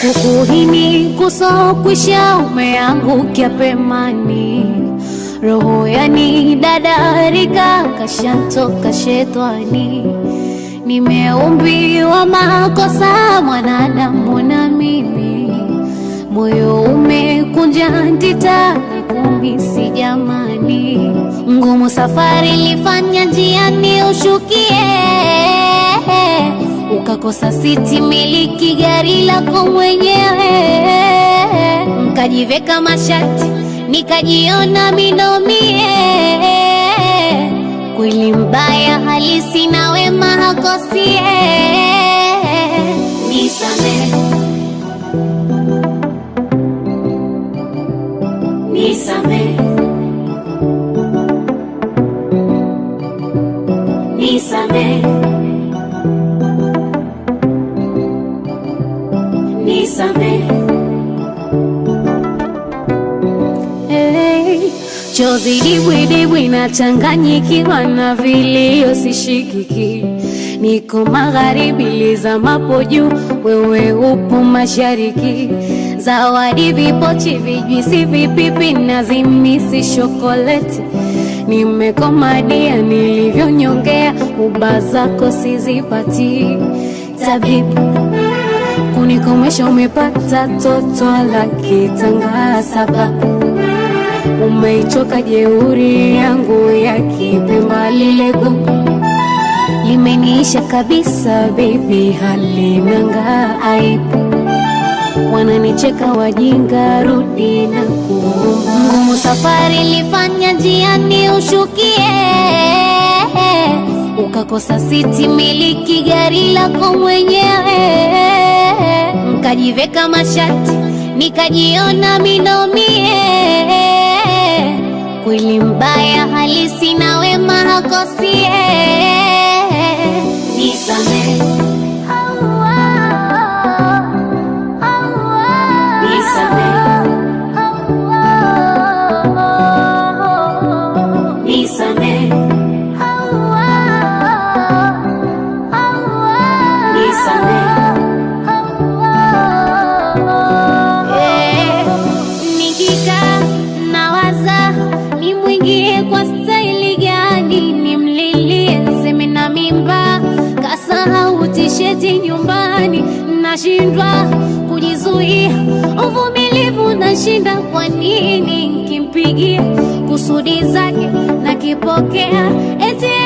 kukuhini kusokwisha umeangukia pemani, roho yani dadarika kashantoka shetani, nimeumbiwa makosa mwanadamu na mimi moyo ume Wakosa siti, miliki gari lako mwenyewe. nkajiveka mashati, nikajiona minomie. Kweli mbaya halisi na wema hakosie. nisame nisame, nisame. nisamehe. Hey, chozi dibwidibwi nachanganyikiwa na vilio sishikiki, niko magharibi lizamapo juu, wewe upo mashariki. Zawadi vipochi, vijuisi vipipi na zimisi shokoleti nimekomadia nilivyonyongea, uba zako sizipati tabibu mwisho umepata toto la kitanga saba, umeichoka jeuri yangu ya kipemba, lilego limeniisha kabisa, bibi halinanga aipu wananicheka wajinga, rudi na kuomba. Ngumu safari lifanya ni ushukie ukakosa siti, miliki gari lako mwenyewe nikajiveka mashati nikajiona minomie, kweli mbaya halisi na wema hakosie nashindwa kujizuia, uvumilivu nashinda. Kwa nini nkimpigia kusudi zake na kipokea eti